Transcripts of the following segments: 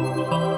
Thank you.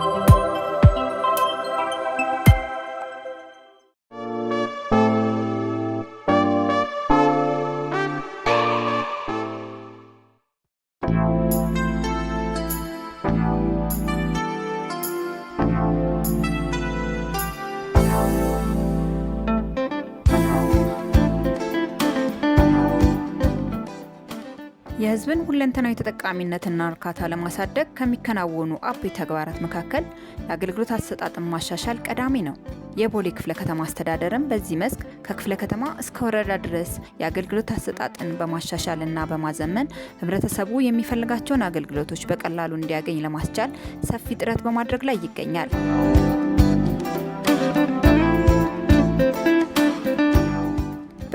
የህዝብን ሁለንተናዊ ተጠቃሚነትና እርካታ ለማሳደግ ከሚከናወኑ አበይት ተግባራት መካከል የአገልግሎት አሰጣጥን ማሻሻል ቀዳሚ ነው። የቦሌ ክፍለ ከተማ አስተዳደርም በዚህ መስክ ከክፍለ ከተማ እስከ ወረዳ ድረስ የአገልግሎት አሰጣጥን በማሻሻልና በማዘመን ህብረተሰቡ የሚፈልጋቸውን አገልግሎቶች በቀላሉ እንዲያገኝ ለማስቻል ሰፊ ጥረት በማድረግ ላይ ይገኛል።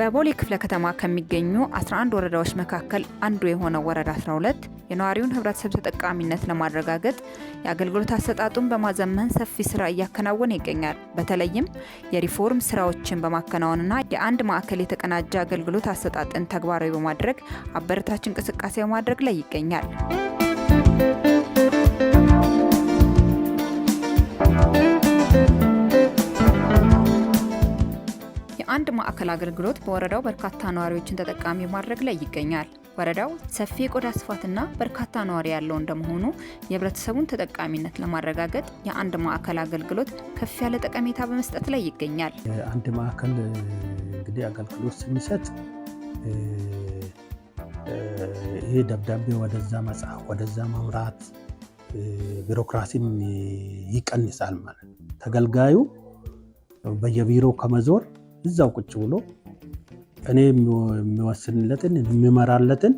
በቦሌ ክፍለ ከተማ ከሚገኙ 11 ወረዳዎች መካከል አንዱ የሆነው ወረዳ 12 የነዋሪውን ህብረተሰብ ተጠቃሚነት ለማረጋገጥ የአገልግሎት አሰጣጡን በማዘመን ሰፊ ስራ እያከናወነ ይገኛል። በተለይም የሪፎርም ስራዎችን በማከናወንና የአንድ ማዕከል የተቀናጀ አገልግሎት አሰጣጥን ተግባራዊ በማድረግ አበረታች እንቅስቃሴ በማድረግ ላይ ይገኛል። አንድ ማዕከል አገልግሎት በወረዳው በርካታ ነዋሪዎችን ተጠቃሚ ማድረግ ላይ ይገኛል። ወረዳው ሰፊ የቆዳ ስፋትና በርካታ ነዋሪ ያለው እንደመሆኑ የህብረተሰቡን ተጠቃሚነት ለማረጋገጥ የአንድ ማዕከል አገልግሎት ከፍ ያለ ጠቀሜታ በመስጠት ላይ ይገኛል። አንድ ማዕከል እንግዲህ አገልግሎት ስንሰጥ ይህ ደብዳቤ ወደዛ መጽሐፍ ወደዛ መምራት ቢሮክራሲም ይቀንሳል ማለት ተገልጋዩ በየቢሮ ከመዞር እዛው ቁጭ ብሎ እኔ የሚወስንለትን የሚመራለትን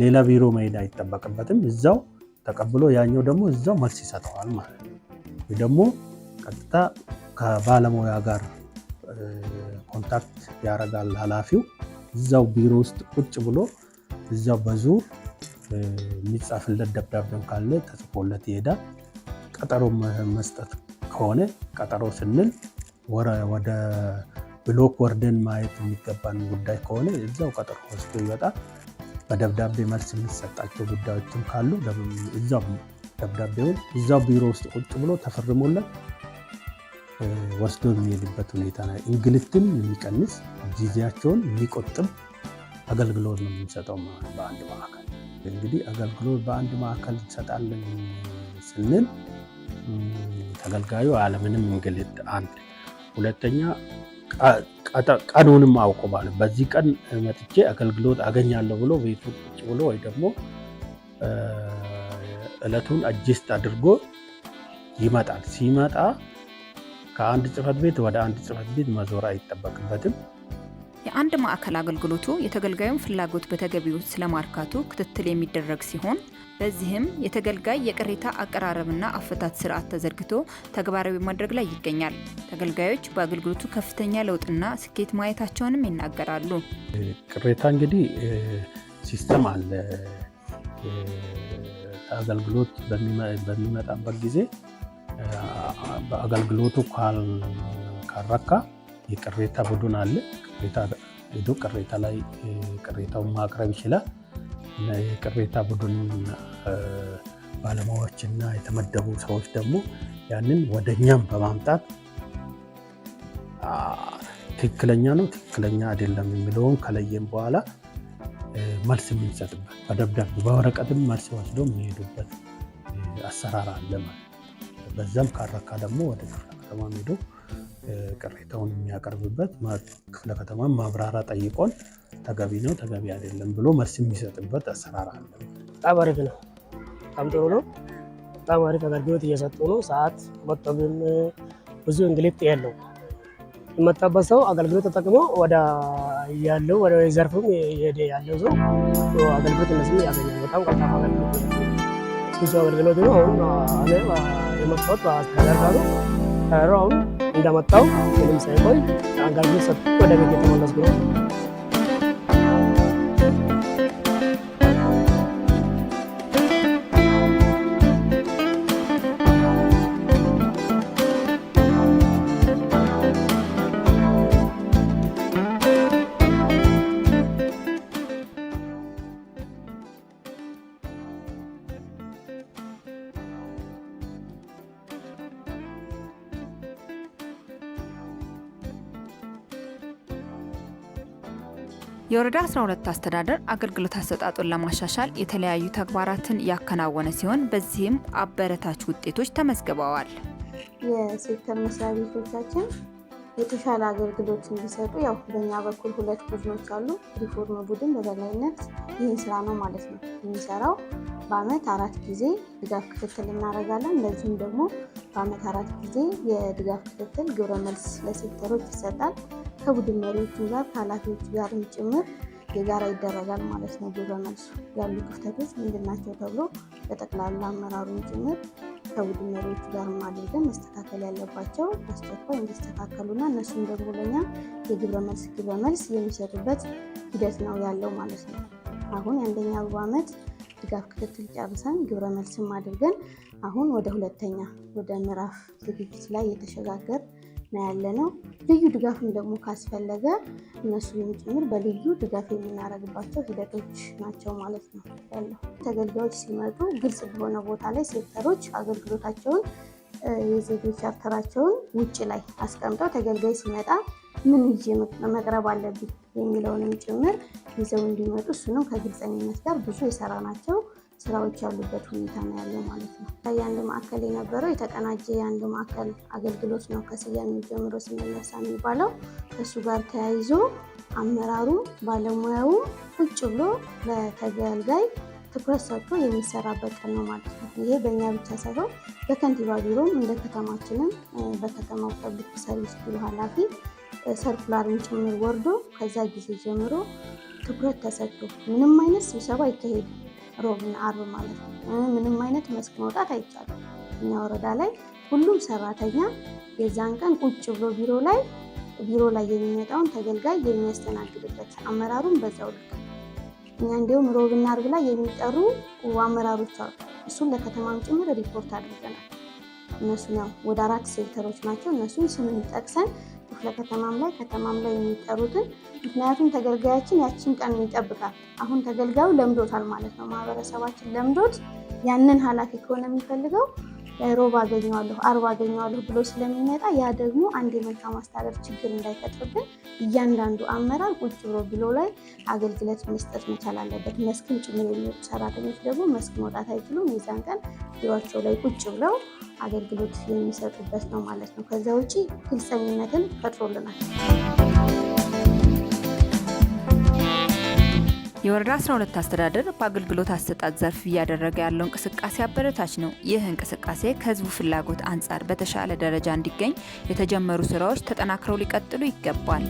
ሌላ ቢሮ መሄድ አይጠበቅበትም። እዛው ተቀብሎ ያኛው ደግሞ እዛው መልስ ይሰጠዋል ማለት ነው። ይህ ደግሞ ቀጥታ ከባለሙያ ጋር ኮንታክት ያደርጋል ኃላፊው። እዛው ቢሮ ውስጥ ቁጭ ብሎ እዛው በዙር የሚጻፍለት ደብዳቤም ካለ ተጽፎለት ይሄዳል። ቀጠሮ መስጠት ከሆነ ቀጠሮ ስንል ወደ ብሎክ ወርደን ማየት የሚገባን ጉዳይ ከሆነ እዛው ቀጠሮ ወስዶ ይወጣ። በደብዳቤ መልስ የሚሰጣቸው ጉዳዮችም ካሉ እዛው ደብዳቤውን እዛው ቢሮ ውስጥ ቁጭ ብሎ ተፈርሞለት ወስዶ የሚሄድበት ሁኔታ ነው። እንግልትም የሚቀንስ ጊዜያቸውን የሚቆጥብ አገልግሎት ነው የምንሰጠው በአንድ ማዕከል። እንግዲህ አገልግሎት በአንድ ማዕከል እንሰጣለን ስንል ተገልጋዩ አለምንም እንግልት አንድ፣ ሁለተኛ ቀኑንም አውቆ ማለት በዚህ ቀን መጥቼ አገልግሎት አገኛለሁ ብሎ ቤቱ ቁጭ ብሎ ወይ ደግሞ እለቱን አጅስት አድርጎ ይመጣል። ሲመጣ ከአንድ ጽህፈት ቤት ወደ አንድ ጽህፈት ቤት መዞር አይጠበቅበትም። የአንድ ማዕከል አገልግሎቱ የተገልጋዩን ፍላጎት በተገቢው ስለማርካቱ ክትትል የሚደረግ ሲሆን በዚህም የተገልጋይ የቅሬታ አቀራረብና አፈታት ስርዓት ተዘርግቶ ተግባራዊ ማድረግ ላይ ይገኛል። ተገልጋዮች በአገልግሎቱ ከፍተኛ ለውጥና ስኬት ማየታቸውንም ይናገራሉ። ቅሬታ እንግዲህ ሲስተም አለ። አገልግሎት በሚመጣበት ጊዜ በአገልግሎቱ ካልረካ የቅሬታ ቡድን አለ። ቅሬታ ሄዶ ቅሬታ ላይ ቅሬታውን ማቅረብ ይችላል። የቅሬታ ቡድን ባለሙያዎችና የተመደቡ ሰዎች ደግሞ ያንን ወደ እኛም በማምጣት ትክክለኛ ነው፣ ትክክለኛ አይደለም የሚለውን ከለየም በኋላ መልስ የምንሰጥበት በደብዳቤ በወረቀትም መልስ ወስዶ የሚሄዱበት አሰራር አለ ማለት በዛም ካረካ ደግሞ ወደ ከተማ ሄደው ቅሬታውን የሚያቀርብበት ክፍለ ከተማን ማብራሪያ ጠይቆን ተገቢ ነው ተገቢ አይደለም ብሎ መልስ የሚሰጥበት አሰራር አለ። በጣም አሪፍ ነው። በጣም ጥሩ ነው። በጣም አሪፍ አገልግሎት እየሰጡ ነው። ሰዓት መጥቶብም ብዙ እንግልት ያለው የመጣበት ሰው አገልግሎት ተጠቅሞ ወደ ያለው ወደ ዘርፍም ሄደ ያለው ሰው አገልግሎት እነሱ ያገኛል። በጣም ቀልጣፋ አገልግሎት ብዙ አገልግሎት ነው። አሁን የመጣሁት በአስተዳደር ነው ከሮም እንደመጣው ምንም ሳይቆይ አንጋጅ ወደ ቤት የተመለስኩ ነው። የወረዳ 12 አስተዳደር አገልግሎት አሰጣጡን ለማሻሻል የተለያዩ ተግባራትን ያከናወነ ሲሆን በዚህም አበረታች ውጤቶች ተመዝግበዋል። የሴክተር መስሪያ ቤቶቻችን የተሻለ አገልግሎት እንዲሰጡ ያው በኛ በኩል ሁለት ቡድኖች አሉ። ሪፎርም ቡድን በበላይነት ይህን ስራ ነው ማለት ነው የሚሰራው። በአመት አራት ጊዜ ድጋፍ ክትትል እናደርጋለን። እንደዚሁም ደግሞ በአመት አራት ጊዜ የድጋፍ ክትትል ግብረ መልስ ለሴክተሮች ይሰጣል። ከቡድን መሪዎችም ጋር ከኃላፊዎች ጋርም ጭምር የጋራ ይደረጋል ማለት ነው። ጉዞ መልሱ ያሉ ክፍተቶች ምንድን ናቸው ተብሎ በጠቅላላ አመራሩን ጭምር ከቡድን መሪዎች ጋር አድርገን መስተካከል ያለባቸው አስቸኳይ እንዲስተካከሉና እነሱም ደግሞ ለኛ የግብረ መልስ ግብረ መልስ የሚሰጡበት ሂደት ነው ያለው ማለት ነው። አሁን የአንደኛ ሩብ ዓመት ድጋፍ ክትትል ጨርሰን ግብረ መልስም አድርገን አሁን ወደ ሁለተኛ ወደ ምዕራፍ ዝግጅት ላይ የተሸጋገር ነው ያለ ነው። ልዩ ድጋፍም ደግሞ ካስፈለገ እነሱንም ጭምር በልዩ ድጋፍ የምናደርግባቸው ሂደቶች ናቸው ማለት ነው ያለው። ተገልጋዮች ሲመጡ ግልጽ በሆነ ቦታ ላይ ሴክተሮች አገልግሎታቸውን የዜጎች ቻርተራቸውን ውጭ ላይ አስቀምጠው ተገልጋይ ሲመጣ ምን ይዤ መቅረብ አለብኝ የሚለውንም ጭምር ይዘው እንዲመጡ እሱንም ከግልጸኝነት ጋር ብዙ ናቸው። ስራዎች ያሉበት ሁኔታ ነው ያለው ማለት ነው። የአንድ ማዕከል የነበረው የተቀናጀ የአንድ ማዕከል አገልግሎት ነው ከስያሜው ጀምሮ ስንነሳ የሚባለው እሱ ጋር ተያይዞ አመራሩ ባለሙያው ቁጭ ብሎ ለተገልጋይ ትኩረት ሰጥቶ የሚሰራበት ቀን ነው ማለት ነው። ይሄ በእኛ ብቻ ሳይሆን በከንቲባ ቢሮም እንደ ከተማችንም በከተማው ፐብሊክ ሰርቪስ ቢሮ ኃላፊ ሰርኩላርን ጭምር ወርዶ ከዛ ጊዜ ጀምሮ ትኩረት ተሰጥቶ ምንም አይነት ስብሰባ አይካሄድም። ሮብና አርብ ማለት ነው። ምንም አይነት መስክ መውጣት አይቻልም። እኛ ወረዳ ላይ ሁሉም ሰራተኛ የዛን ቀን ቁጭ ብሎ ቢሮ ላይ ቢሮ ላይ የሚመጣውን ተገልጋይ የሚያስተናግድበት አመራሩን በዛው ልክ እኛ እንዲሁም ሮብና አርብ ላይ የሚጠሩ አመራሮች አሉ። እሱን ለከተማም ጭምር ሪፖርት አድርገናል። እነሱ ያው ወደ አራት ሴክተሮች ናቸው። እነሱን ስምን ጠቅሰን ክፍለ ከተማም ላይ ከተማም ላይ የሚጠሩትን ምክንያቱም ተገልጋያችን ያችን ቀን ይጠብቃል። አሁን ተገልጋዩ ለምዶታል ማለት ነው። ማህበረሰባችን ለምዶት ያንን ኃላፊ ከሆነ የሚፈልገው ሮብ አገኘዋለሁ አርብ አገኘዋለሁ ብሎ ስለሚመጣ ያ ደግሞ አንድ የመልካም አስተዳደር ችግር እንዳይፈጥርብን እያንዳንዱ አመራር ቁጭ ብሎ ቢሮ ላይ አገልግሎት መስጠት መቻል አለበት። መስክም ጭምር የሚወጡ ሰራተኞች ደግሞ መስክ መውጣት አይችሉም። የዛን ቀን ቢሯቸው ላይ ቁጭ ብለው አገልግሎት የሚሰጡበት ነው ማለት ነው። ከዚያ ውጭ ግልጸኝነትን ፈጥሮልናል። የወረዳ 12 አስተዳደር በአገልግሎት አሰጣጥ ዘርፍ እያደረገ ያለው እንቅስቃሴ አበረታች ነው። ይህ እንቅስቃሴ ከህዝቡ ፍላጎት አንጻር በተሻለ ደረጃ እንዲገኝ የተጀመሩ ስራዎች ተጠናክረው ሊቀጥሉ ይገባል።